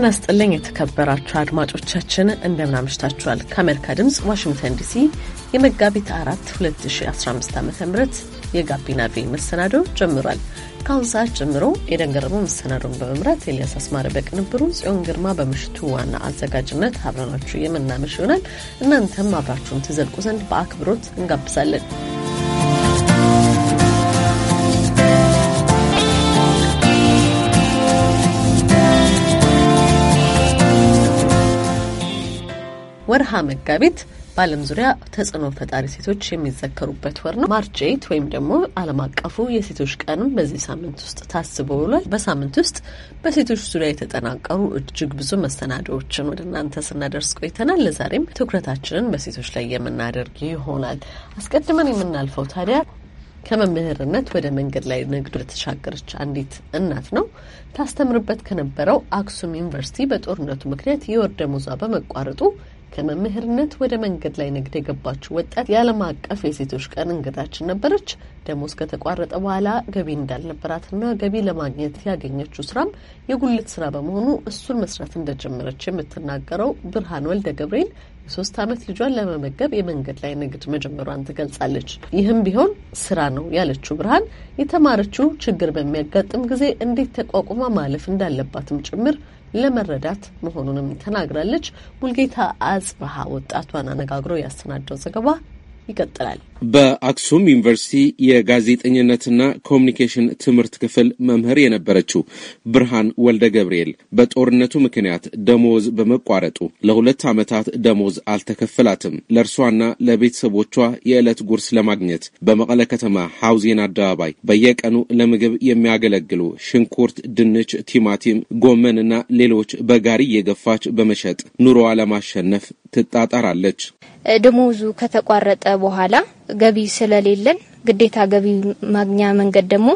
ጤና ስጥልኝ የተከበራችሁ አድማጮቻችን እንደምን ከአሜሪካ ድምፅ ዋሽንግተን ዲሲ የመጋቢት አራት 2015 ዓ ም የጋቢና ቪ መሰናዶ ጀምሯል። ከአሁን ሰዓት ጀምሮ የደንገረመው መሰናዶን በመምራት ኤልያስ አስማረ በቅንብሩ፣ ጽዮን ግርማ በምሽቱ ዋና አዘጋጅነት አብረናችሁ የምናመሽ ይሆናል። እናንተም አብራችሁን ትዘልቁ ዘንድ በአክብሮት እንጋብዛለን። ወርሃ መጋቢት በዓለም ዙሪያ ተጽዕኖ ፈጣሪ ሴቶች የሚዘከሩበት ወር ነው። ማርች ወይም ደግሞ ዓለም አቀፉ የሴቶች ቀንም በዚህ ሳምንት ውስጥ ታስቦ ብሏል። በሳምንት ውስጥ በሴቶች ዙሪያ የተጠናቀሩ እጅግ ብዙ መሰናዶዎችን ወደ እናንተ ስናደርስ ቆይተናል። ለዛሬም ትኩረታችንን በሴቶች ላይ የምናደርግ ይሆናል። አስቀድመን የምናልፈው ታዲያ ከመምህርነት ወደ መንገድ ላይ ንግድ ለተሻገረች አንዲት እናት ነው። ታስተምርበት ከነበረው አክሱም ዩኒቨርሲቲ በጦርነቱ ምክንያት የወር ደመወዟ በመቋረጡ ከመምህርነት ወደ መንገድ ላይ ንግድ የገባችው ወጣት የዓለም አቀፍ የሴቶች ቀን እንግዳችን ነበረች። ደሞዝ ከተቋረጠ በኋላ ገቢ እንዳልነበራትና ገቢ ለማግኘት ያገኘችው ስራም የጉልት ስራ በመሆኑ እሱን መስራት እንደጀመረች የምትናገረው ብርሃን ወልደ ገብርኤል የሶስት ዓመት ልጇን ለመመገብ የመንገድ ላይ ንግድ መጀመሯን ትገልጻለች። ይህም ቢሆን ስራ ነው ያለችው ብርሃን የተማረችው ችግር በሚያጋጥም ጊዜ እንዴት ተቋቁማ ማለፍ እንዳለባትም ጭምር ለመረዳት መሆኑንም ተናግራለች። ሙልጌታ አጽብሃ ወጣቷን አነጋግሮ ያሰናደው ዘገባ ይቀጥላል። በአክሱም ዩኒቨርሲቲ የጋዜጠኝነትና ኮሚኒኬሽን ትምህርት ክፍል መምህር የነበረችው ብርሃን ወልደ ገብርኤል በጦርነቱ ምክንያት ደሞዝ በመቋረጡ ለሁለት ዓመታት ደሞዝ አልተከፈላትም። ለእርሷና ለቤተሰቦቿ የዕለት ጉርስ ለማግኘት በመቀለ ከተማ ሐውዜን አደባባይ በየቀኑ ለምግብ የሚያገለግሉ ሽንኩርት፣ ድንች፣ ቲማቲም፣ ጎመንና ሌሎች በጋሪ እየገፋች በመሸጥ ኑሮዋ ለማሸነፍ ትጣጣራለች። ደሞዙ ከተቋረጠ በኋላ ገቢ ስለሌለን ግዴታ ገቢ ማግኛ መንገድ ደግሞ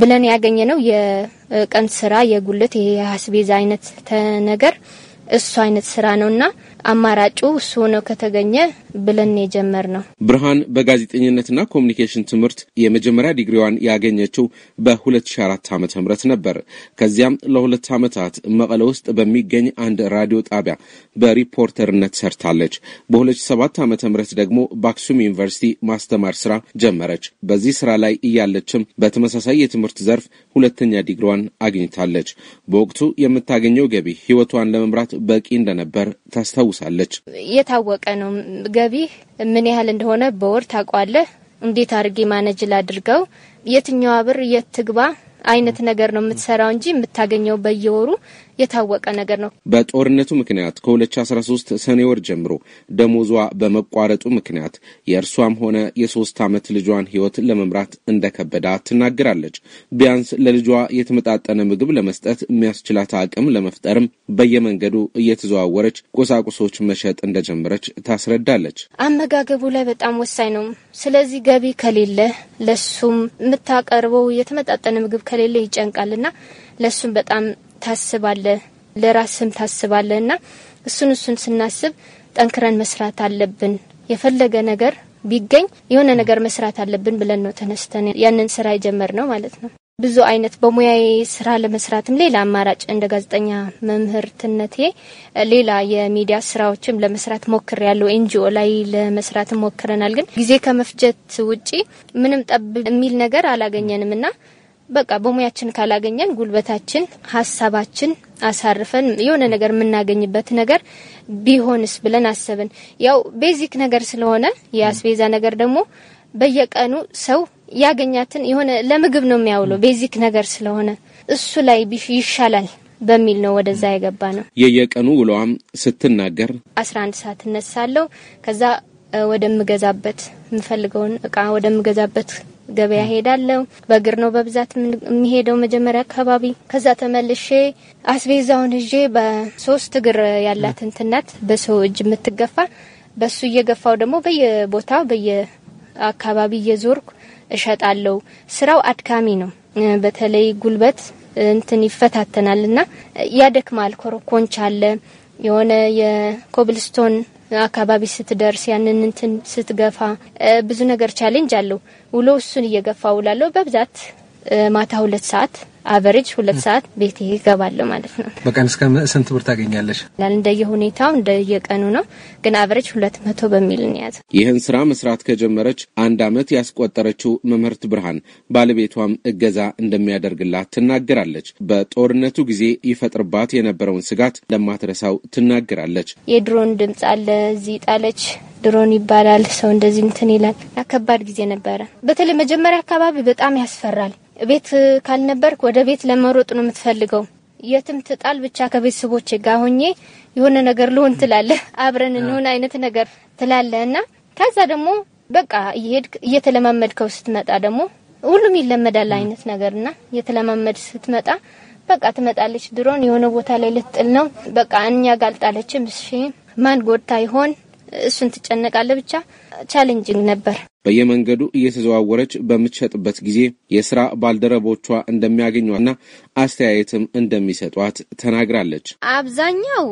ብለን ያገኘ ነው የቀን ስራ፣ የጉልት የአስቤዛ አይነት ነገር እሱ አይነት ስራ ነውና አማራጩ እሱ ሆነው ከተገኘ ብለን የጀመር ነው። ብርሃን በጋዜጠኝነትና ኮሚኒኬሽን ትምህርት የመጀመሪያ ዲግሪዋን ያገኘችው በ2004 ዓ ም ነበር። ከዚያም ለሁለት ዓመታት መቀለ ውስጥ በሚገኝ አንድ ራዲዮ ጣቢያ በሪፖርተርነት ሰርታለች። በ2007 ዓ ም ደግሞ በአክሱም ዩኒቨርሲቲ ማስተማር ስራ ጀመረች። በዚህ ስራ ላይ እያለችም በተመሳሳይ የትምህርት ዘርፍ ሁለተኛ ዲግሪዋን አግኝታለች። በወቅቱ የምታገኘው ገቢ ህይወቷን ለመምራት በቂ እንደነበር ታስታውሳለች። የታወቀ ነው ገቢህ ምን ያህል እንደሆነ በወር ታውቋለህ? እንዴት አድርጌ ማነጅ ላድርገው? የትኛዋ ብር የት ትግባ አይነት ነገር ነው የምትሰራው እንጂ የምታገኘው በየወሩ የታወቀ ነገር ነው። በጦርነቱ ምክንያት ከ2013 ሰኔ ወር ጀምሮ ደሞዟ በመቋረጡ ምክንያት የእርሷም ሆነ የሶስት ዓመት ልጇን ህይወት ለመምራት እንደከበዳ ትናገራለች። ቢያንስ ለልጇ የተመጣጠነ ምግብ ለመስጠት የሚያስችላት አቅም ለመፍጠርም በየመንገዱ እየተዘዋወረች ቁሳቁሶች መሸጥ እንደጀመረች ታስረዳለች። አመጋገቡ ላይ በጣም ወሳኝ ነው። ስለዚህ ገቢ ከሌለ ለሱም የምታቀርበው የተመጣጠነ ምግብ ከሌለ ይጨንቃልና ለሱም በጣም ታስባለህ፣ ለራስም ታስባለህ እና እሱን እሱን ስናስብ ጠንክረን መስራት አለብን። የፈለገ ነገር ቢገኝ የሆነ ነገር መስራት አለብን ብለን ነው ተነስተን ያንን ስራ የጀመር ነው ማለት ነው። ብዙ አይነት በሙያዬ ስራ ለመስራትም ሌላ አማራጭ እንደ ጋዜጠኛ መምህርትነቴ ሌላ የሚዲያ ስራዎችም ለመስራት ሞክር ያለው ኤንጂኦ ላይ ለመስራት ሞክረናል። ግን ጊዜ ከመፍጀት ውጪ ምንም ጠብ የሚል ነገር አላገኘንም እና በቃ በሙያችን ካላገኘን ጉልበታችን፣ ሀሳባችን አሳርፈን የሆነ ነገር የምናገኝበት ነገር ቢሆንስ ብለን አሰብን። ያው ቤዚክ ነገር ስለሆነ የአስቤዛ ነገር ደግሞ በየቀኑ ሰው ያገኛትን የሆነ ለምግብ ነው የሚያውለው ቤዚክ ነገር ስለሆነ እሱ ላይ ይሻላል በሚል ነው ወደዛ የገባ ነው። የየቀኑ ውሏም ስትናገር አስራ አንድ ሰዓት እነሳለሁ ከዛ ወደምገዛበት የምፈልገውን እቃ ወደምገዛበት ገበያ ሄዳለሁ። በእግር ነው በብዛት የሚሄደው መጀመሪያ አካባቢ። ከዛ ተመልሼ አስቤዛውን እዤ በሶስት እግር ያላትን ትናት በሰው እጅ የምትገፋ በሱ እየገፋው ደግሞ በየቦታው በየአካባቢ እየዞርኩ እሸጣለሁ። ስራው አድካሚ ነው። በተለይ ጉልበት እንትን ይፈታተናል እና ያደክማል። ኮረኮንች አለ የሆነ የኮብልስቶን አካባቢ ስትደርስ ያንን እንትን ስትገፋ ብዙ ነገር ቻሌንጅ አለው። ውሎ እሱን እየገፋ ውላለሁ። በብዛት ማታ ሁለት ሰዓት አቨሬጅ ሁለት ሰዓት ቤት ይገባለሁ ማለት ነው። በቀን እስከ ስንት ብር ታገኛለሽ? እንደየ ሁኔታው እንደየቀኑ ነው፣ ግን አቨሬጅ ሁለት መቶ በሚል እንያዘ። ይህን ስራ መስራት ከጀመረች አንድ አመት ያስቆጠረችው መምህርት ብርሃን ባለቤቷም እገዛ እንደሚያደርግላት ትናገራለች። በጦርነቱ ጊዜ ይፈጥርባት የነበረውን ስጋት ለማትረሳው ትናገራለች። የድሮን ድምፅ አለ እዚህ ጣለች ድሮን ይባላል። ሰው እንደዚህ እንትን ይላል። ከባድ ጊዜ ነበረ። በተለይ መጀመሪያ አካባቢ በጣም ያስፈራል። ቤት ካልነበርክ ወደ ቤት ለመሮጥ ነው የምትፈልገው። የትም ትጣል ብቻ ከቤተሰቦቼ ጋር ሆኜ የሆነ ነገር ልሆን ትላለህ፣ አብረን እንሆን አይነት ነገር ትላለህ እና ከዛ ደግሞ በቃ እየሄድክ እየተለማመድከው ስትመጣ ደግሞ ሁሉም ይለመዳል አይነት ነገርና እየተለማመድ ስትመጣ በቃ ትመጣለች። ድሮን የሆነ ቦታ ላይ ልትጥል ነው በቃ እኛ ጋልጣለች አልጣለችም። እሺ ማን ጎድታ ይሆን እሱን ትጨነቃለ። ብቻ ቻሌንጅንግ ነበር። በየመንገዱ እየተዘዋወረች በምትሸጥበት ጊዜ የስራ ባልደረቦቿ እንደሚያገኟና አስተያየትም እንደሚሰጧት ተናግራለች። አብዛኛው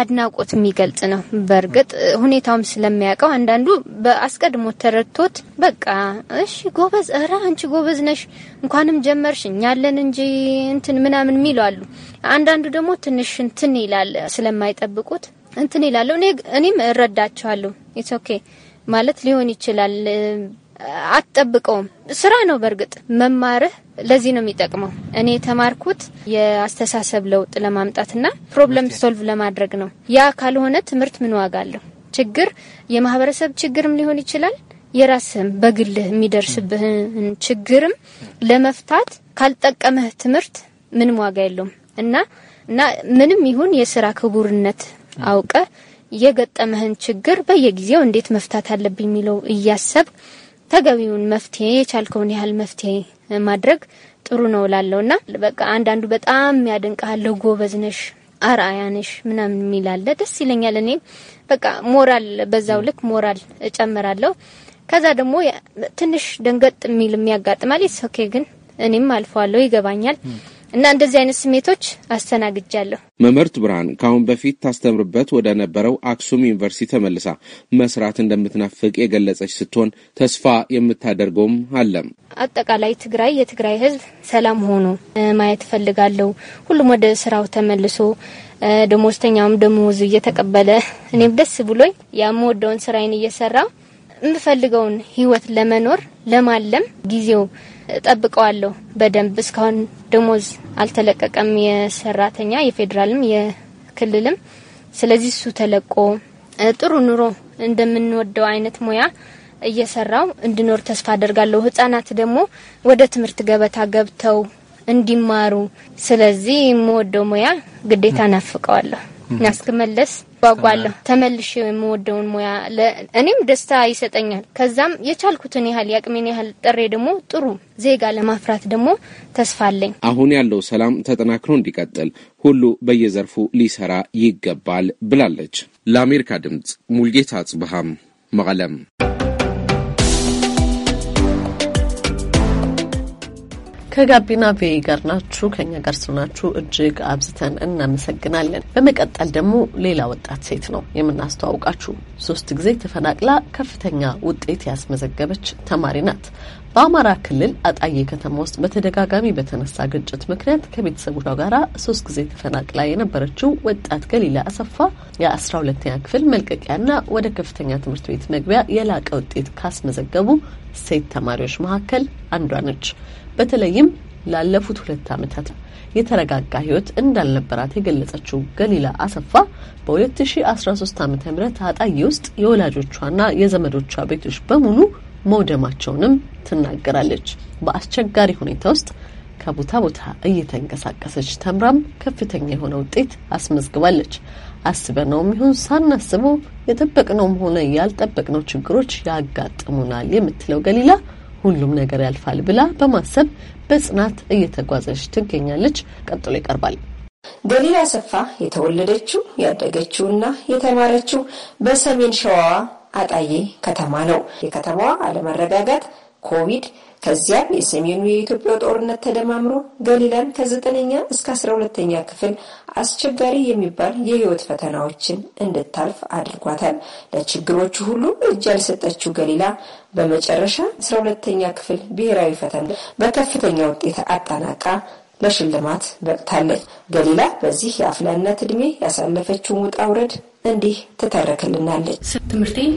አድናቆት የሚገልጽ ነው። በእርግጥ ሁኔታውም ስለሚያውቀው አንዳንዱ በአስቀድሞ ተረድቶት በቃ እሺ ጎበዝ፣ እረ አንቺ ጎበዝ ነሽ፣ እንኳንም ጀመርሽ፣ እኛለን እንጂ እንትን ምናምን የሚሉ አሉ። አንዳንዱ ደግሞ ትንሽ እንትን ይላል ስለማይጠብቁት እንትን ይላሉ። እኔ እኔም እረዳቸዋለሁ። ኢትስ ኦኬ ማለት ሊሆን ይችላል። አትጠብቀውም። ስራ ነው። በእርግጥ መማርህ ለዚህ ነው የሚጠቅመው። እኔ የተማርኩት የአስተሳሰብ ለውጥ ለማምጣትና ፕሮብለም ሶልቭ ለማድረግ ነው። ያ ካልሆነ ትምህርት ምን ዋጋ አለው? ችግር የማህበረሰብ ችግርም ሊሆን ይችላል። የራስህም በግልህ የሚደርስብህን ችግርም ለመፍታት ካልጠቀመህ ትምህርት ምንም ዋጋ የለውም እና እና ምንም ይሁን የስራ ክቡርነት አውቀ የገጠመህን ችግር በየጊዜው እንዴት መፍታት አለብኝ የሚለው እያሰብ ተገቢውን መፍትሄ የቻልከውን ያህል መፍትሄ ማድረግ ጥሩ ነው ላለውና እና በቃ አንዳንዱ በጣም ያደንቀሃል፣ ጎበዝ ነሽ፣ አርአያ ነሽ ምናምን የሚላለ ደስ ይለኛል። እኔ በቃ ሞራል በዛው ልክ ሞራል እጨምራለሁ። ከዛ ደግሞ ትንሽ ደንገጥ የሚል የሚያጋጥማል። ኦኬ ግን እኔም አልፈዋለሁ፣ ይገባኛል። እና እንደዚህ አይነት ስሜቶች አስተናግጃለሁ። መምህርት ብርሃን ከአሁን በፊት ታስተምርበት ወደ ነበረው አክሱም ዩኒቨርሲቲ ተመልሳ መስራት እንደምትናፍቅ የገለጸች ስትሆን ተስፋ የምታደርገውም አለም። አጠቃላይ ትግራይ፣ የትግራይ ሕዝብ ሰላም ሆኖ ማየት እፈልጋለሁ። ሁሉም ወደ ስራው ተመልሶ ደሞዝተኛውም ደሞዙ እየተቀበለ እኔም ደስ ብሎኝ የምወደውን ስራዬን እየሰራ የምፈልገውን ህይወት ለመኖር ለማለም ጊዜው ጠብቀዋለሁ በደንብ እስካሁን ደሞዝ አልተለቀቀም፣ የሰራተኛ የፌዴራልም የክልልም። ስለዚህ እሱ ተለቆ ጥሩ ኑሮ እንደምንወደው አይነት ሙያ እየሰራው እንድኖር ተስፋ አደርጋለሁ። ህጻናት ደግሞ ወደ ትምህርት ገበታ ገብተው እንዲማሩ። ስለዚህ የምወደው ሙያ ግዴታ ናፍቀዋለሁ። እስክመለስ ጓጓለሁ። ተመልሽ የምወደውን ሙያ እኔም ደስታ ይሰጠኛል። ከዛም የቻልኩትን ያህል የአቅሜን ያህል ጥሬ ደግሞ ጥሩ ዜጋ ለማፍራት ደግሞ ተስፋ አለኝ። አሁን ያለው ሰላም ተጠናክሮ እንዲቀጥል ሁሉ በየዘርፉ ሊሰራ ይገባል ብላለች። ለአሜሪካ ድምጽ ሙልጌታ አጽብሃም መቀለም ከጋቢና ቪኦኤ ጋር ናችሁ። ከኛ ጋር ስለሆናችሁ እጅግ አብዝተን እናመሰግናለን። በመቀጠል ደግሞ ሌላ ወጣት ሴት ነው የምናስተዋውቃችሁ። ሶስት ጊዜ ተፈናቅላ ከፍተኛ ውጤት ያስመዘገበች ተማሪ ናት። በአማራ ክልል አጣዬ ከተማ ውስጥ በተደጋጋሚ በተነሳ ግጭት ምክንያት ከቤተሰቦቿ ጋር ሶስት ጊዜ ተፈናቅላ የነበረችው ወጣት ገሊላ አሰፋ የአስራ ሁለተኛ ክፍል መልቀቂያና ወደ ከፍተኛ ትምህርት ቤት መግቢያ የላቀ ውጤት ካስመዘገቡ ሴት ተማሪዎች መካከል አንዷ ነች። በተለይም ላለፉት ሁለት ዓመታት የተረጋጋ ህይወት እንዳልነበራት የገለጸችው ገሊላ አሰፋ በ2013 ዓ ም አጣዬ ውስጥ የወላጆቿና የዘመዶቿ ቤቶች በሙሉ መውደማቸውንም ትናገራለች። በአስቸጋሪ ሁኔታ ውስጥ ከቦታ ቦታ እየተንቀሳቀሰች ተምራም ከፍተኛ የሆነ ውጤት አስመዝግባለች። አስበነውም ይሁን ሳናስበው የጠበቅነውም ሆነ ያልጠበቅነው ችግሮች ያጋጥሙናል የምትለው ገሊላ ሁሉም ነገር ያልፋል ብላ በማሰብ በጽናት እየተጓዘች ትገኛለች። ቀጥሎ ይቀርባል። ገሊላ ሰፋ የተወለደችው ያደገችውና የተማረችው በሰሜን ሸዋዋ አጣዬ ከተማ ነው። የከተማዋ አለመረጋጋት ኮቪድ ከዚያም የሰሜኑ የኢትዮጵያ ጦርነት ተደማምሮ ገሊላን ከዘጠነኛ እስከ አስራ ሁለተኛ ክፍል አስቸጋሪ የሚባል የህይወት ፈተናዎችን እንድታልፍ አድርጓታል። ለችግሮቹ ሁሉ እጅ ያልሰጠችው ገሊላ በመጨረሻ አስራ ሁለተኛ ክፍል ብሔራዊ ፈተና በከፍተኛ ውጤት አጠናቃ ለሽልማት በቅታለች። ገሊላ በዚህ የአፍላነት እድሜ ያሳለፈችውን ውጣ ውረድ እንዲህ ትተረክልናለች። ትምህርቴን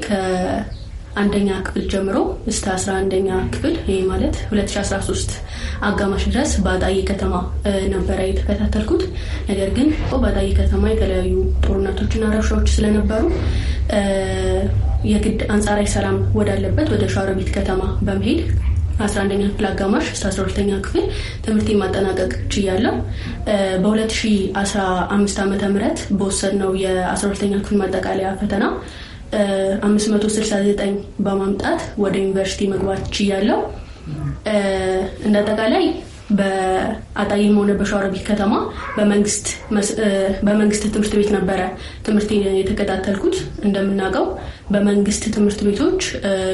አንደኛ ክፍል ጀምሮ እስከ 11ኛ ክፍል ይህ ማለት 2013 አጋማሽ ድረስ በአጣዬ ከተማ ነበረ የተከታተልኩት። ነገር ግን በአጣዬ ከተማ የተለያዩ ጦርነቶችና ረብሻዎች ስለነበሩ የግድ አንጻራዊ ሰላም ወዳለበት ወደ ሸዋሮቢት ከተማ በመሄድ 11ኛ ክፍል አጋማሽ እስከ 12ኛ ክፍል ትምህርት ማጠናቀቅ ችያለሁ። በ2015 ዓ ም በወሰድነው የ12ኛ ክፍል ማጠቃለያ ፈተና 569 በማምጣት ወደ ዩኒቨርሲቲ መግባት ችያለው። እንደ አጠቃላይ በአጣዬም ሆነ በሸዋሮቢት ከተማ በመንግስት ትምህርት ቤት ነበረ ትምህርት የተከታተልኩት። እንደምናውቀው በመንግስት ትምህርት ቤቶች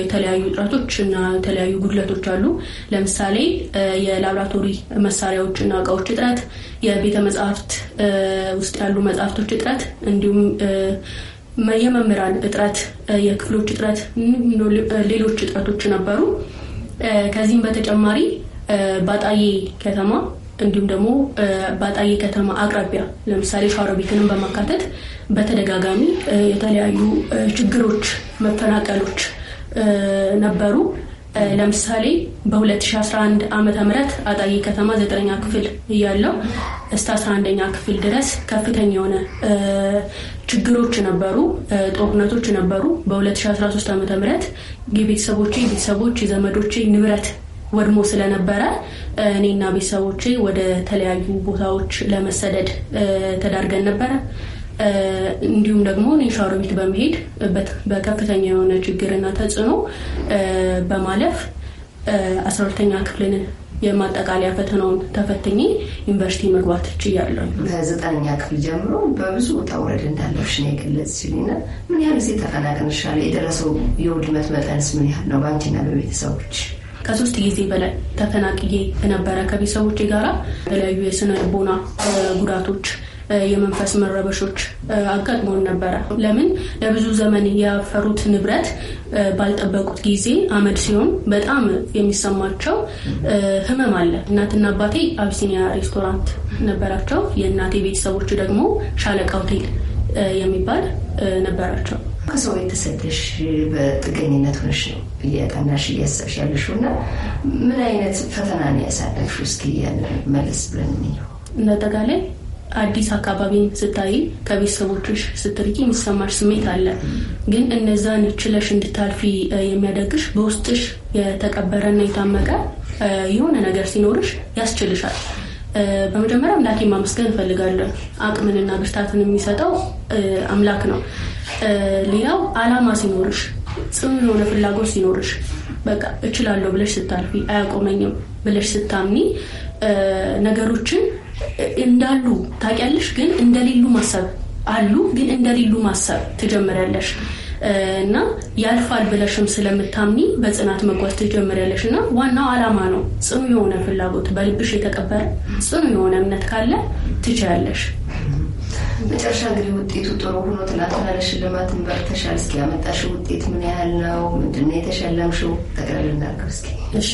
የተለያዩ እጥረቶች እና የተለያዩ ጉድለቶች አሉ። ለምሳሌ የላብራቶሪ መሳሪያዎች እና እቃዎች እጥረት፣ የቤተ መጽሐፍት ውስጥ ያሉ መጽሐፍቶች እጥረት እንዲሁም የመምህራን እጥረት፣ የክፍሎች እጥረት፣ ሌሎች እጥረቶች ነበሩ። ከዚህም በተጨማሪ ባጣዬ ከተማ እንዲሁም ደግሞ ባጣዬ ከተማ አቅራቢያ ለምሳሌ ሻሮቢትንም በማካተት በተደጋጋሚ የተለያዩ ችግሮች፣ መፈናቀሎች ነበሩ። ለምሳሌ በ2011 ዓመተ ምህረት አጣዬ ከተማ ዘጠነኛ ክፍል እያለው እስከ 11ኛ ክፍል ድረስ ከፍተኛ የሆነ ችግሮች ነበሩ፣ ጦርነቶች ነበሩ። በ2013 ዓ ምህረት የቤተሰቦች ቤተሰቦች ዘመዶች ንብረት ወድሞ ስለነበረ እኔና ቤተሰቦቼ ወደ ተለያዩ ቦታዎች ለመሰደድ ተዳርገን ነበረ። እንዲሁም ደግሞ እኔ ሻወር ቤት በመሄድ በከፍተኛ የሆነ ችግርና ተጽዕኖ በማለፍ አስራ ሁለተኛ ክፍልን የማጠቃለያ ፈተናውን ተፈትኜ ዩኒቨርሲቲ መግባት ችያለሁ። ከዘጠነኛ ክፍል ጀምሮ በብዙ ውጣ ውረድ እንዳለፍሽ ነው የገለጽሽልኝና ምን ያህል ጊዜ ተፈናቅንሻል? የደረሰው የውድመት መጠንስ ምን ያህል ነው በአንቺና በቤተሰቦች? ከሶስት ጊዜ በላይ ተፈናቅዬ ነበረ ከቤተሰቦች ጋራ የተለያዩ የስነ ልቦና ጉዳቶች የመንፈስ መረበሾች አጋጥሞን ነበረ። ለምን ለብዙ ዘመን ያፈሩት ንብረት ባልጠበቁት ጊዜ አመድ ሲሆን በጣም የሚሰማቸው ህመም አለ። እናትና አባቴ አብሲኒያ ሬስቶራንት ነበራቸው። የእናቴ ቤተሰቦች ደግሞ ሻለቃ ሆቴል የሚባል ነበራቸው። ከሰው የተሰደሽ በጥገኝነት ሆነሽ ነው እያጠናሽ እያሰብሽ ያለሽው እና ምን አይነት ፈተና ነው ያሳለፍሽ? እስኪ መለስ ብለን እንደ አጠቃላይ አዲስ አካባቢን ስታይ ከቤተሰቦችሽ ስትርቂ የሚሰማሽ ስሜት አለ። ግን እነዛን ችለሽ እንድታልፊ የሚያደርግሽ በውስጥሽ የተቀበረና የታመቀ የሆነ ነገር ሲኖርሽ ያስችልሻል። በመጀመሪያ አምላኬን ማመስገን እፈልጋለሁ። አቅምንና ብርታትን የሚሰጠው አምላክ ነው። ሌላው አላማ ሲኖርሽ፣ ጽኑ የሆነ ፍላጎት ሲኖርሽ፣ በቃ እችላለሁ ብለሽ ስታልፊ፣ አያቆመኝም ብለሽ ስታምኒ ነገሮችን እንዳሉ ታውቂያለሽ፣ ግን እንደሌሉ ማሰብ አሉ፣ ግን እንደሌሉ ማሰብ ትጀምሪያለሽ እና ያልፋል ብለሽም ስለምታምኒ በጽናት መጓዝ ትጀምሪያለሽ። እና ዋናው አላማ ነው ጽኑ የሆነ ፍላጎት በልብሽ የተቀበረ ጽኑ የሆነ እምነት ካለ ትችያለሽ። መጨረሻ እንግዲህ ውጤቱ ጥሩ ሆኖ ትናንትና ለሽልማት በቅተሻል። እስኪ ያመጣሽው ውጤት ምን ያህል ነው? ምንድን ነው የተሸለምሽው? ጠቅለል እናድርገው እስኪ። እሺ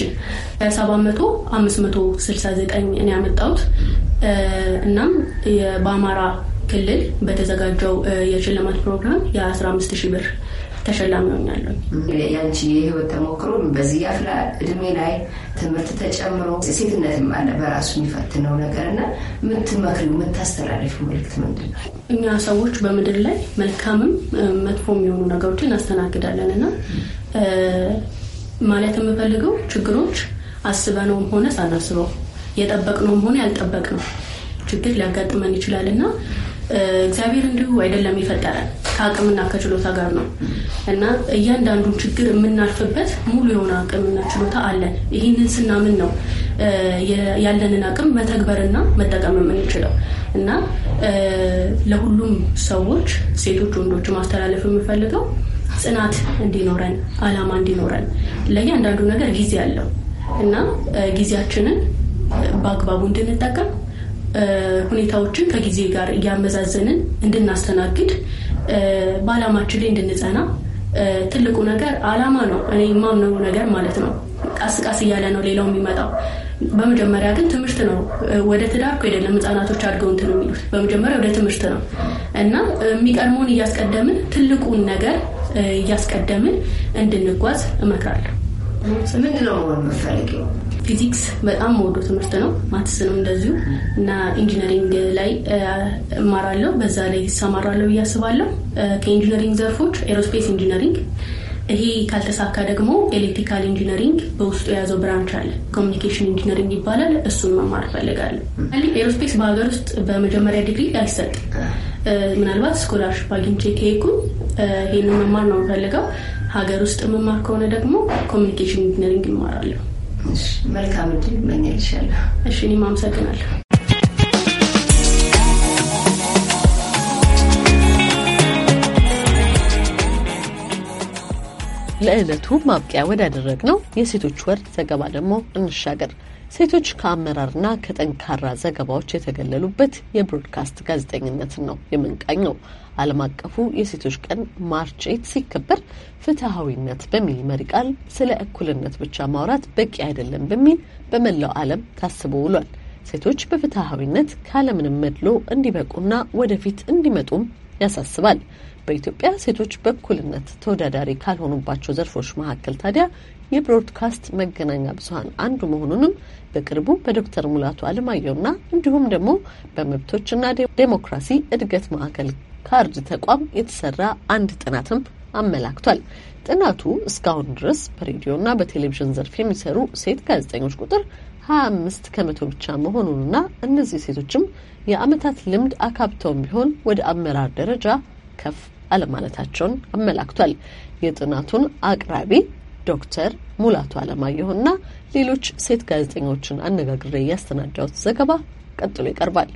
ሰባት መቶ አምስት መቶ ስልሳ ዘጠኝ እኔ ያመጣሁት እናም በአማራ ክልል በተዘጋጀው የሽልማት ፕሮግራም የአስራ አምስት ሺህ ብር ተሸላሚ ሆኛለሁ። ያንቺ የህይወት ተሞክሮ በዚህ ያፍላ እድሜ ላይ ትምህርት ተጨምሮ ሴትነትም አለ በራሱ የሚፈትነው ነገር እና የምትመክሪው የምታስተላልፊው መልዕክት ምንድን ነው? እኛ ሰዎች በምድር ላይ መልካምም መጥፎ የሚሆኑ ነገሮችን እናስተናግዳለን እና ማለት የምፈልገው ችግሮች አስበነውም ሆነ ሳናስበው የጠበቅነውም ሆነ ያልጠበቅነው ችግር ሊያጋጥመን ይችላል እና እግዚአብሔር እንዲሁ አይደለም ይፈጠራል? ከአቅምና ከችሎታ ጋር ነው እና እያንዳንዱን ችግር የምናልፍበት ሙሉ የሆነ አቅምና ችሎታ አለን። ይህንን ስናምን ነው ያለንን አቅም መተግበርና መጠቀም የምንችለው እና ለሁሉም ሰዎች ሴቶች፣ ወንዶች ማስተላለፍ የምፈልገው ጽናት እንዲኖረን አላማ እንዲኖረን ለእያንዳንዱ ነገር ጊዜ አለው እና ጊዜያችንን በአግባቡ እንድንጠቀም ሁኔታዎችን ከጊዜ ጋር እያመዛዘንን እንድናስተናግድ በአላማችን ላይ እንድንጸና ትልቁ ነገር አላማ ነው። እኔ የማምነው ነገር ማለት ነው። ቀስ ቀስ እያለ ነው ሌላው የሚመጣው። በመጀመሪያ ግን ትምህርት ነው። ወደ ትዳር እኮ አይደለም ህጻናቶች አድገው እንትን የሚሉት በመጀመሪያ ወደ ትምህርት ነው እና የሚቀድመውን እያስቀደምን ትልቁን ነገር እያስቀደምን እንድንጓዝ እመክራለሁ። ምንድነው መፈለጊያው? ፊዚክስ በጣም መወዶ ትምህርት ነው። ማትስንም እንደዚሁ እና ኢንጂነሪንግ ላይ እማራለሁ። በዛ ላይ ይሰማራለሁ ብዬ አስባለሁ። ከኢንጂነሪንግ ዘርፎች ኤሮስፔስ ኢንጂነሪንግ ይሄ ካልተሳካ ደግሞ ኤሌክትሪካል ኢንጂነሪንግ በውስጡ የያዘው ብራንች አለ፣ ኮሚኒኬሽን ኢንጂነሪንግ ይባላል። እሱን መማር እፈልጋለሁ። ኤሮስፔስ በሀገር ውስጥ በመጀመሪያ ዲግሪ አይሰጥም። ምናልባት ስኮላርሽፕ አግኝቼ ከሄድኩኝ ይሄንን መማር ነው የምፈልገው። ሀገር ውስጥ መማር ከሆነ ደግሞ ኮሚኒኬሽን ኢንጂነሪንግ ይማራለሁ። መልካም እድል እመኛልሻለሁ። እሺ፣ እኔም አመሰግናለሁ። ለዕለቱ ማብቂያ ነው የሴቶች ወር ዘገባ ደግሞ እንሻገር። ሴቶች ከአመራርና ከጠንካራ ዘገባዎች የተገለሉበት የብሮድካስት ጋዜጠኝነትን ነው የምንቃኘው። ዓለም አቀፉ የሴቶች ቀን ማርች ሲከበር ፍትሐዊነት በሚል መሪ ቃል ስለ እኩልነት ብቻ ማውራት በቂ አይደለም በሚል በመላው ዓለም ታስቦ ውሏል። ሴቶች በፍትሐዊነት ካለምንም መድሎ እንዲበቁና ወደፊት እንዲመጡም ያሳስባል። በኢትዮጵያ ሴቶች በእኩልነት ተወዳዳሪ ካልሆኑባቸው ዘርፎች መካከል ታዲያ የብሮድካስት መገናኛ ብዙኃን አንዱ መሆኑንም በቅርቡ በዶክተር ሙላቱ አለማየሁና እንዲሁም ደግሞ በመብቶችና ዴሞክራሲ እድገት ማዕከል ካርድ ተቋም የተሰራ አንድ ጥናትም አመላክቷል። ጥናቱ እስካሁን ድረስ በሬዲዮና በቴሌቪዥን ዘርፍ የሚሰሩ ሴት ጋዜጠኞች ቁጥር 25 ከመቶ ብቻ መሆኑንና እነዚህ ሴቶችም የአመታት ልምድ አካብተውም ቢሆን ወደ አመራር ደረጃ ከፍ አለማለታቸውን አመላክቷል። የጥናቱን አቅራቢ ዶክተር ሙላቱ አለማየሁና ሌሎች ሴት ጋዜጠኞችን አነጋግሬ ያስተናዳሁት ዘገባ ቀጥሎ ይቀርባል።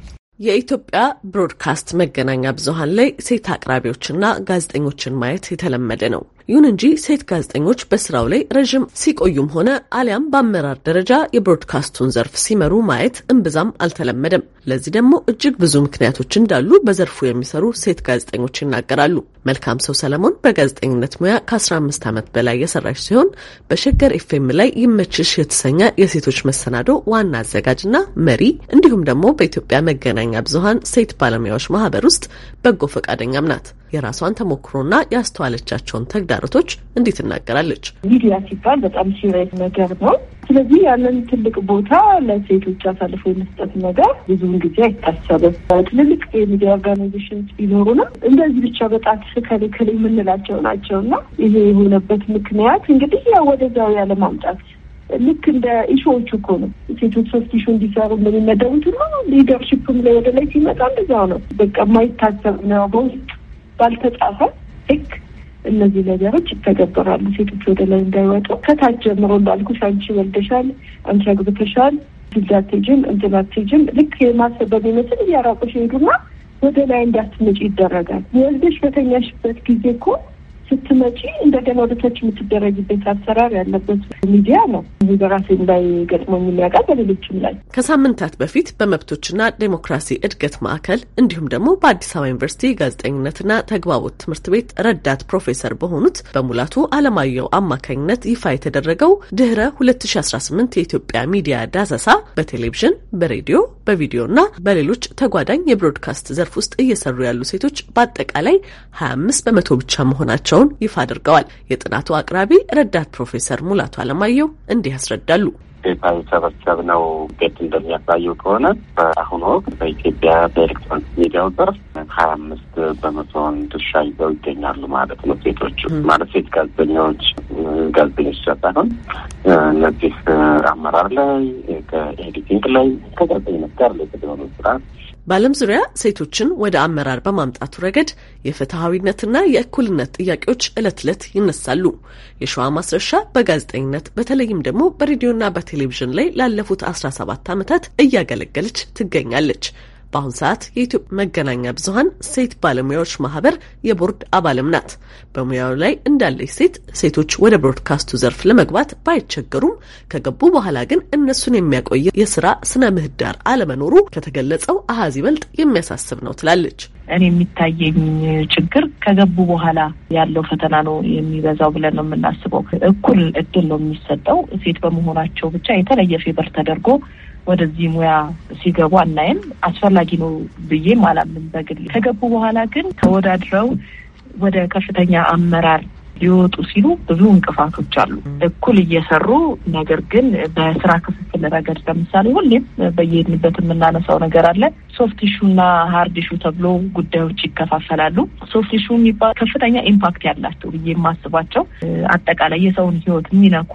የኢትዮጵያ ብሮድካስት መገናኛ ብዙሀን ላይ ሴት አቅራቢዎችና ጋዜጠኞችን ማየት የተለመደ ነው። ይሁን እንጂ ሴት ጋዜጠኞች በስራው ላይ ረዥም ሲቆዩም ሆነ አሊያም በአመራር ደረጃ የብሮድካስቱን ዘርፍ ሲመሩ ማየት እምብዛም አልተለመደም። ለዚህ ደግሞ እጅግ ብዙ ምክንያቶች እንዳሉ በዘርፉ የሚሰሩ ሴት ጋዜጠኞች ይናገራሉ። መልካም ሰው ሰለሞን በጋዜጠኝነት ሙያ ከ15 ዓመት በላይ የሰራች ሲሆን በሸገር ኤፍኤም ላይ ይመችሽ የተሰኘ የሴቶች መሰናዶ ዋና አዘጋጅና መሪ እንዲሁም ደግሞ በኢትዮጵያ መገናኛ ብዙሀን ሴት ባለሙያዎች ማህበር ውስጥ በጎ ፈቃደኛም ናት። የራሷን ተሞክሮና ያስተዋለቻቸውን ተግዳሮቶች እንዴት ትናገራለች። ሚዲያ ሲባል በጣም ሲሪየስ ነገር ነው። ስለዚህ ያንን ትልቅ ቦታ ለሴቶች አሳልፎ የመስጠት ነገር ብዙውን ጊዜ አይታሰብም። ትልልቅ የሚዲያ ኦርጋናይዜሽንስ ቢኖሩንም እንደዚህ ብቻ በጣት ከሌከሌ የምንላቸው ናቸው እና ይሄ የሆነበት ምክንያት እንግዲህ ያ ወደዛው ያለማምጣት ልክ እንደ ኢሾዎቹ እኮ ነው። ሴቶች ሶስት ኢሾ እንዲሰሩ እንደሚመደቡት ነው። ሊደርሽፕም ላይ ወደ ላይ ሲመጣ እንደዛው ነው። በቃ የማይታሰብ ነው በውስጥ ባልተጻፈ ህግ እነዚህ ነገሮች ይተገበራሉ። ሴቶች ወደ ላይ እንዳይወጡ ከታች ጀምሮ እንዳልኩ አንቺ ወልደሻል፣ አንቺ አግብተሻል፣ ፊልዳቴጅም እንትናቴጅም ልክ የማሰበብ ይመስል እያራቁሽ ሄዱና ወደ ላይ እንዳትመጪ ይደረጋል። ወልደሽ በተኛሽበት ጊዜ እኮ ስትመጪ እንደገና ወደታች የምትደረጊበት አሰራር ያለበት ሚዲያ ነው። በራሴም ላይ ገጥሞኝ የሚያውቃ በሌሎችም ላይ ከሳምንታት በፊት በመብቶችና ዴሞክራሲ እድገት ማዕከል እንዲሁም ደግሞ በአዲስ አበባ ዩኒቨርሲቲ ጋዜጠኝነትና ተግባቦት ትምህርት ቤት ረዳት ፕሮፌሰር በሆኑት በሙላቱ አለማየሁ አማካኝነት ይፋ የተደረገው ድህረ 2018 የኢትዮጵያ ሚዲያ ዳሰሳ በቴሌቪዥን፣ በሬዲዮ፣ በቪዲዮና በሌሎች ተጓዳኝ የብሮድካስት ዘርፍ ውስጥ እየሰሩ ያሉ ሴቶች በአጠቃላይ 25 በመቶ ብቻ መሆናቸው መሆናቸውን ይፋ አድርገዋል። የጥናቱ አቅራቢ ረዳት ፕሮፌሰር ሙላቱ አለማየሁ እንዲህ ያስረዳሉ። ዴታ የሰበሰብ ነው ውጤት እንደሚያሳየው ከሆነ በአሁኑ ወቅት በኢትዮጵያ በኤሌክትሮኒክስ ሚዲያው ዘርፍ ሀያ አምስት በመቶውን ድርሻ ይዘው ይገኛሉ ማለት ነው። ሴቶቹ ማለት ሴት ጋዜጠኞች ጋዜጠኞች ሳይሆን እነዚህ አመራር ላይ ከኤዲቲንግ ላይ ከጋዜጠኝነት ጋር ላይ የተደሆኑ ስራ በዓለም ዙሪያ ሴቶችን ወደ አመራር በማምጣቱ ረገድ የፍትሐዊነትና የእኩልነት ጥያቄዎች ዕለት ዕለት ይነሳሉ። የሸዋ ማስረሻ በጋዜጠኝነት በተለይም ደግሞ በሬዲዮና በቴሌቪዥን ላይ ላለፉት 17 ዓመታት እያገለገለች ትገኛለች። በአሁን ሰዓት የኢትዮጵያ መገናኛ ብዙኃን ሴት ባለሙያዎች ማህበር የቦርድ አባልም ናት። በሙያው ላይ እንዳለች ሴት ሴቶች ወደ ብሮድካስቱ ዘርፍ ለመግባት ባይቸገሩም ከገቡ በኋላ ግን እነሱን የሚያቆየ የስራ ስነ ምህዳር አለመኖሩ ከተገለጸው አሀዝ ይበልጥ የሚያሳስብ ነው ትላለች። እኔ የሚታየኝ ችግር ከገቡ በኋላ ያለው ፈተና ነው የሚበዛው ብለን ነው የምናስበው። እኩል እድል ነው የሚሰጠው። ሴት በመሆናቸው ብቻ የተለየ ፌበር ተደርጎ ወደዚህ ሙያ ሲገቡ አናይም። አስፈላጊ ነው ብዬም አላምን በግል ከገቡ በኋላ ግን ተወዳድረው ወደ ከፍተኛ አመራር ሊወጡ ሲሉ ብዙ እንቅፋቶች አሉ። እኩል እየሰሩ ነገር ግን በስራ ክፍፍል ረገድ ለምሳሌ ሁሌም በየሄድንበት የምናነሳው ነገር አለ። ሶፍት ኢሹና ሀርድ ኢሹ ተብሎ ጉዳዮች ይከፋፈላሉ። ሶፍት ኢሹ የሚባል ከፍተኛ ኢምፓክት ያላቸው ብዬ የማስባቸው አጠቃላይ የሰውን ህይወት የሚነኩ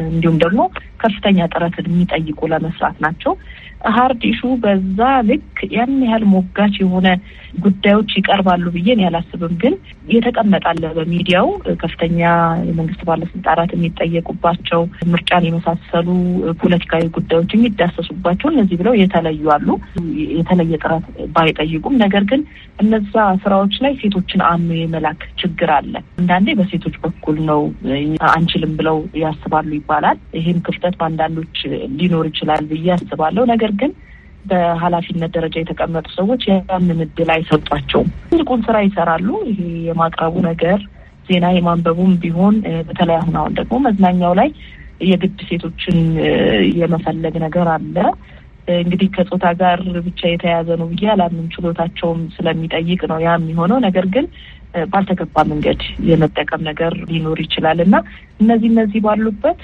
እንዲሁም ደግሞ ከፍተኛ ጥረት የሚጠይቁ ለመስራት ናቸው። ሀርድ ኢሹ በዛ ልክ ያን ያህል ሞጋች የሆነ ጉዳዮች ይቀርባሉ ብዬን ያላስብም። ግን የተቀመጣለ በሚዲያው ከፍተኛ የመንግስት ባለስልጣናት የሚጠየቁባቸው ምርጫን የመሳሰሉ ፖለቲካዊ ጉዳዮች የሚዳሰሱባቸው እነዚህ ብለው የተለዩ አሉ። የተለየ ጥረት ባይጠይቁም፣ ነገር ግን እነዛ ስራዎች ላይ ሴቶችን አኑ የመላክ ችግር አለ። አንዳንዴ በሴቶች በኩል ነው አንችልም ብለው ያስባሉ ይባላል። ይህም ክፍተት በአንዳንዶች ሊኖር ይችላል ብዬ አስባለሁ። ነገር ግን በኃላፊነት ደረጃ የተቀመጡ ሰዎች ያንን እድል አይሰጧቸውም። ትልቁን ስራ ይሰራሉ። ይሄ የማቅረቡ ነገር ዜና የማንበቡም ቢሆን በተለይ አሁን አሁን ደግሞ መዝናኛው ላይ የግድ ሴቶችን የመፈለግ ነገር አለ። እንግዲህ ከጾታ ጋር ብቻ የተያያዘ ነው ብዬ አላምን። ችሎታቸውም ስለሚጠይቅ ነው ያ የሚሆነው። ነገር ግን ባልተገባ መንገድ የመጠቀም ነገር ሊኖር ይችላል እና እነዚህ እነዚህ ባሉበት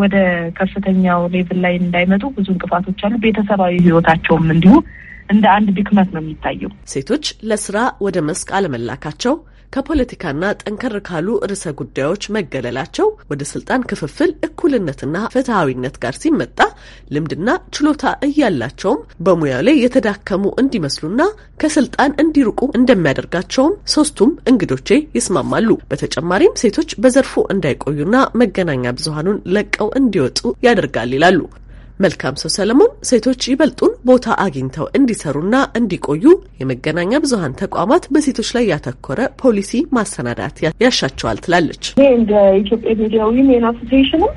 ወደ ከፍተኛው ሌቭል ላይ እንዳይመጡ ብዙ እንቅፋቶች አሉ። ቤተሰባዊ ህይወታቸውም እንዲሁ እንደ አንድ ድክመት ነው የሚታየው። ሴቶች ለስራ ወደ መስክ አለመላካቸው ከፖለቲካና ጠንከር ካሉ ርዕሰ ጉዳዮች መገለላቸው ወደ ስልጣን ክፍፍል እኩልነትና ፍትሐዊነት ጋር ሲመጣ ልምድና ችሎታ እያላቸውም በሙያው ላይ የተዳከሙ እንዲመስሉና ከስልጣን እንዲርቁ እንደሚያደርጋቸውም ሶስቱም እንግዶቼ ይስማማሉ። በተጨማሪም ሴቶች በዘርፉ እንዳይቆዩና መገናኛ ብዙሃኑን ለቀው እንዲወጡ ያደርጋል ይላሉ። መልካም ሰው ሰለሞን ሴቶች ይበልጡን ቦታ አግኝተው እንዲሰሩና እንዲቆዩ የመገናኛ ብዙኃን ተቋማት በሴቶች ላይ ያተኮረ ፖሊሲ ማሰናዳት ያሻቸዋል ትላለች። ይህ እንደ ኢትዮጵያ ሚዲያ ዊሜን አሶሲሽንም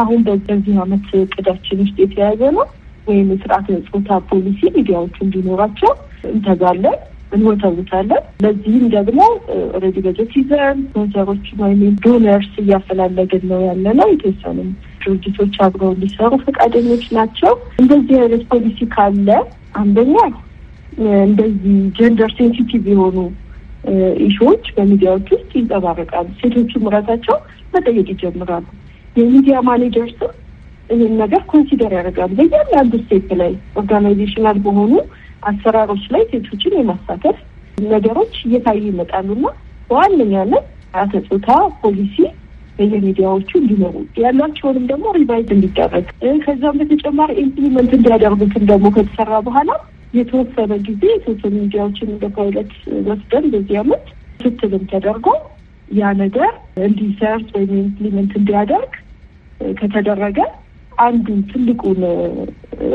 አሁን በዚህ አመት እቅዳችን ውስጥ የተያዘ ነው። ወይም የስርዓት ጾታ ፖሊሲ ሚዲያዎቹ እንዲኖራቸው እንተጋለን፣ እንወተውታለን። ለዚህም ደግሞ ኦልሬዲ በጀት ይዘን ስፖንሰሮች ወይም ዶነርስ እያፈላለግን ነው ያለ ነው የተወሰኑም ድርጅቶች አብረው ሊሰሩ ፈቃደኞች ናቸው። እንደዚህ አይነት ፖሊሲ ካለ አንደኛ እንደዚህ ጀንደር ሴንሲቲቭ የሆኑ ኢሹዎች በሚዲያዎች ውስጥ ይንጸባረቃሉ። ሴቶቹም ራሳቸው መጠየቅ ይጀምራሉ። የሚዲያ ማኔጀርስም ይህን ነገር ኮንሲደር ያደርጋሉ። በእያንዳንዱ ስቴፕ ላይ ኦርጋናይዜሽናል በሆኑ አሰራሮች ላይ ሴቶችን የማሳተፍ ነገሮች እየታዩ ይመጣሉና በዋነኛነት አተጾታ ፖሊሲ በየሚዲያዎቹ እንዲኖሩ ያሏቸውንም ደግሞ ሪቫይዝ እንዲደረግ ከዛም በተጨማሪ ኢምፕሊመንት እንዲያደርጉትን ደግሞ ከተሰራ በኋላ የተወሰነ ጊዜ ሶሻል ሚዲያዎችን እንደ ፓይለት ወስደን በዚህ አመት ክትትልም ተደርጎ ያ ነገር እንዲሰርት ወይም ኢምፕሊመንት እንዲያደርግ ከተደረገ አንዱ ትልቁን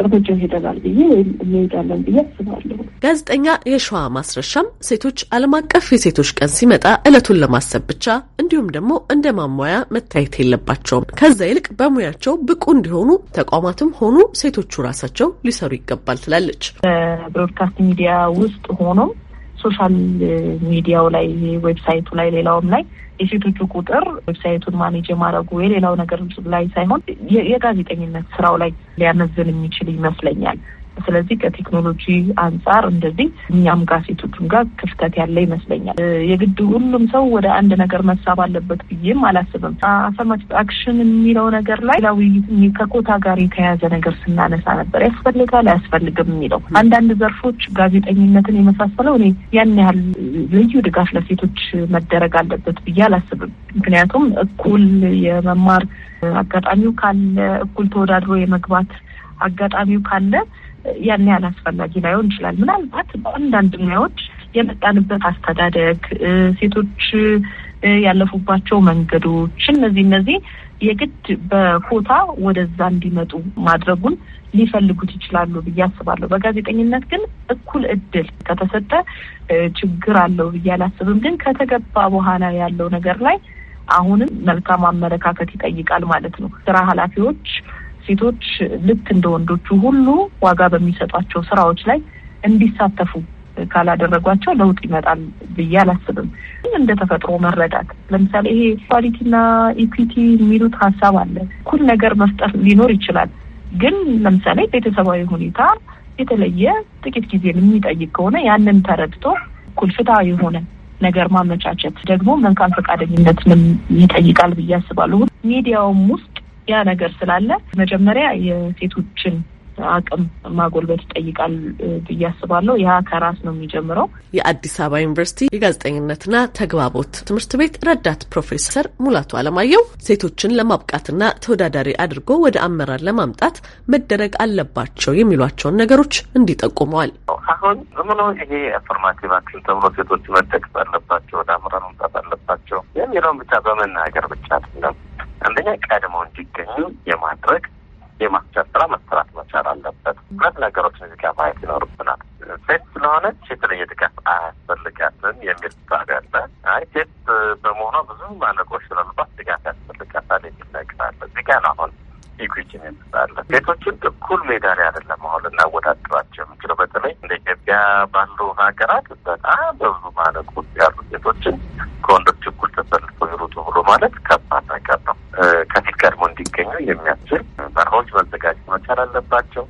እርምጃ ሄደናል ብዬ ወይም እንሄዳለን ብዬ አስባለሁ። ጋዜጠኛ የሸዋ ማስረሻም ሴቶች ዓለም አቀፍ የሴቶች ቀን ሲመጣ እለቱን ለማሰብ ብቻ እንዲሁም ደግሞ እንደ ማሟያ መታየት የለባቸውም። ከዛ ይልቅ በሙያቸው ብቁ እንዲሆኑ ተቋማትም ሆኑ ሴቶቹ ራሳቸው ሊሰሩ ይገባል ትላለች። በብሮድካስት ሚዲያ ውስጥ ሆኖ ሶሻል ሚዲያው ላይ ዌብሳይቱ ላይ ሌላውም ላይ የሴቶቹ ቁጥር ዌብሳይቱን ማኔጅ የማድረጉ የሌላው ነገር ላይ ሳይሆን የጋዜጠኝነት ስራው ላይ ሊያመዝን የሚችል ይመስለኛል። ስለዚህ ከቴክኖሎጂ አንጻር እንደዚህ እኛም ጋር ሴቶቹም ጋር ክፍተት ያለ ይመስለኛል። የግድ ሁሉም ሰው ወደ አንድ ነገር መሳብ አለበት ብዬም አላስብም። አፈርማቲቭ አክሽን የሚለው ነገር ላይ ለውይይት ከኮታ ጋር የተያያዘ ነገር ስናነሳ ነበር ያስፈልጋል አያስፈልግም የሚለው አንዳንድ ዘርፎች ጋዜጠኝነትን የመሳሰለው እኔ ያን ያህል ልዩ ድጋፍ ለሴቶች መደረግ አለበት ብዬ አላስብም። ምክንያቱም እኩል የመማር አጋጣሚው ካለ እኩል ተወዳድሮ የመግባት አጋጣሚው ካለ ያን ያህል አስፈላጊ ላይሆን ይችላል። ምናልባት በአንዳንድ ሙያዎች የመጣንበት አስተዳደግ፣ ሴቶች ያለፉባቸው መንገዶች፣ እነዚህ እነዚህ የግድ በኮታ ወደዛ እንዲመጡ ማድረጉን ሊፈልጉት ይችላሉ ብዬ አስባለሁ። በጋዜጠኝነት ግን እኩል እድል ከተሰጠ ችግር አለው ብዬ አላስብም። ግን ከተገባ በኋላ ያለው ነገር ላይ አሁንም መልካም አመለካከት ይጠይቃል ማለት ነው። ስራ ኃላፊዎች ሴቶች ልክ እንደ ወንዶቹ ሁሉ ዋጋ በሚሰጧቸው ስራዎች ላይ እንዲሳተፉ ካላደረጓቸው ለውጥ ይመጣል ብዬ አላስብም። እንደ ተፈጥሮ መረዳት ለምሳሌ ይሄ ኳሊቲና ኢኩዊቲ የሚሉት ሀሳብ አለ። እኩል ነገር መፍጠር ሊኖር ይችላል። ግን ለምሳሌ ቤተሰባዊ ሁኔታ የተለየ ጥቂት ጊዜን የሚጠይቅ ከሆነ ያንን ተረድቶ እኩል የሆነ ነገር ማመቻቸት ደግሞ መልካም ፈቃደኝነትንም ይጠይቃል ብዬ አስባለሁ። ሚዲያውም ውስጥ ያ ነገር ስላለ መጀመሪያ የሴቶችን አቅም ማጎልበት ይጠይቃል ብዬ አስባለሁ። ያ ከራስ ነው የሚጀምረው። የአዲስ አበባ ዩኒቨርሲቲ የጋዜጠኝነትና ተግባቦት ትምህርት ቤት ረዳት ፕሮፌሰር ሙላቱ አለማየሁ ሴቶችን ለማብቃትና ተወዳዳሪ አድርጎ ወደ አመራር ለማምጣት መደረግ አለባቸው የሚሏቸውን ነገሮች እንዲጠቁመዋል። አሁን ዝም ይሄ አፎርማቲቭ አክሽን ተብሎ ሴቶች መደገፍ አለባቸው፣ ወደ አመራር መምጣት አለባቸው የሚለውን ብቻ በመናገር ብቻ አይደለም አንደኛ ቀድሞ እንዲገኙ የማድረግ የማስቻት ስራ መሰራት መቻል አለበት። ሁለት ነገሮች እዚህ ጋር ማየት ይኖርብናል። ሴት ስለሆነች የተለየ ድጋፍ አያስፈልጋትም የሚል ሳቢ አለ። አይ ሴት በመሆኗ ብዙ ማነቆች ስላሉባት ድጋፍ ያስፈልጋታል የሚል ነገር አለ። እዚህ ጋር አሁን ኢኩዊቲ የሚባለ ሴቶችን እኩል ሜዳ ላይ አይደለም አሁን ልናወዳድራቸው የምችለው። በተለይ እንደ ኢትዮጵያ ባሉ ሀገራት በጣም በብዙ ማነቆ ያሉ ሴቶችን ከወንዶች እኩል ተሰልፎ ይሩጡ ብሎ ማለት ከ መቻል አለባቸው።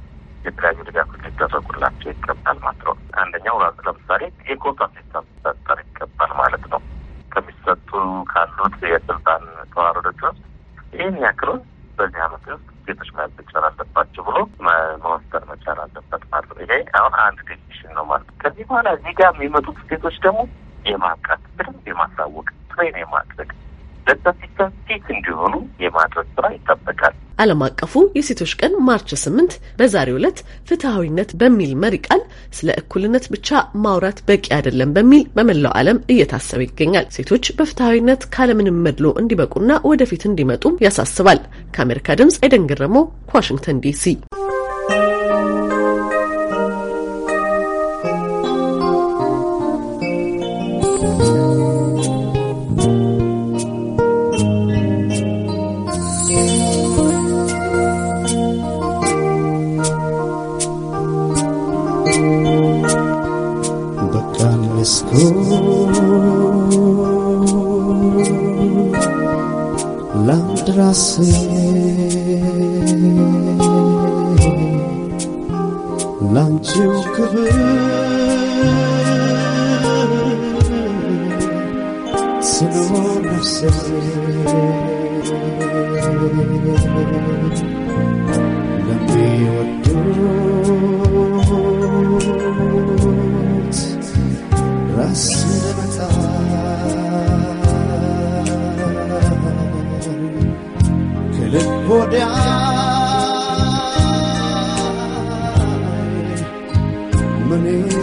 የተለያዩ ድጋፎች ሊደረጉላቸው ይገባል ማለት ነው። አንደኛው ለምሳሌ የኮታ ሲስተም ሊፈጠር ይገባል ማለት ነው። ከሚሰጡ ካሉት የስልጣን ተዋረዶች ውስጥ ይህን ያክሉን በዚህ አመት ውስጥ ሴቶች መያዝ መቻል አለባቸው ብሎ መወሰን መቻል አለበት ማለት ነው። ይሄ አሁን አንድ ዴሲሽን ነው ማለት ነው። ከዚህ በኋላ እዚህ ጋር የሚመጡት ሴቶች ደግሞ ዓለም አቀፉ የሴቶች ቀን ማርች ስምንት በዛሬው ዕለት ፍትሐዊነት በሚል መሪ ቃል ስለ እኩልነት ብቻ ማውራት በቂ አይደለም በሚል በመላው ዓለም እየታሰበ ይገኛል። ሴቶች በፍትሐዊነት ካለምንም መድሎ እንዲበቁና ወደፊት እንዲመጡም ያሳስባል። ከአሜሪካ ድምፅ አይደን ገረመው ከዋሽንግተን ዲሲ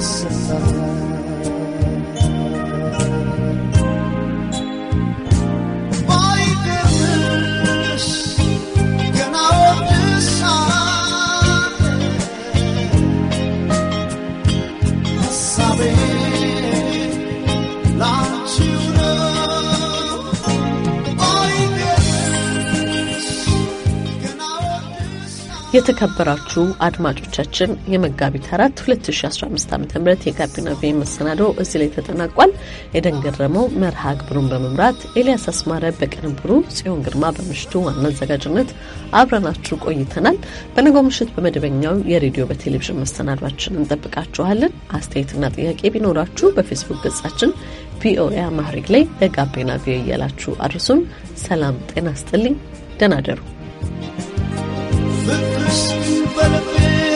crucified. የተከበራችሁ አድማጮቻችን የመጋቢት አራት 2015 ዓ ም የጋቢና ቪ መሰናዶ እዚህ ላይ ተጠናቋል። ኤደን ገረመው መርሃ ግብሩን በመምራት ኤልያስ አስማረ በቅንብሩ፣ ጽዮን ግርማ በምሽቱ ዋና አዘጋጅነት አብረናችሁ ቆይተናል። በነገው ምሽት በመደበኛው የሬዲዮ በቴሌቪዥን መሰናዷችን እንጠብቃችኋለን። አስተያየትና ጥያቄ ቢኖራችሁ በፌስቡክ ገጻችን ቪኦኤ አማሪክ ላይ ለጋቢና ቪ እያላችሁ አድርሱን። ሰላም ጤና ስጥልኝ። ደናደሩ Memphis, Memphis, Memphis.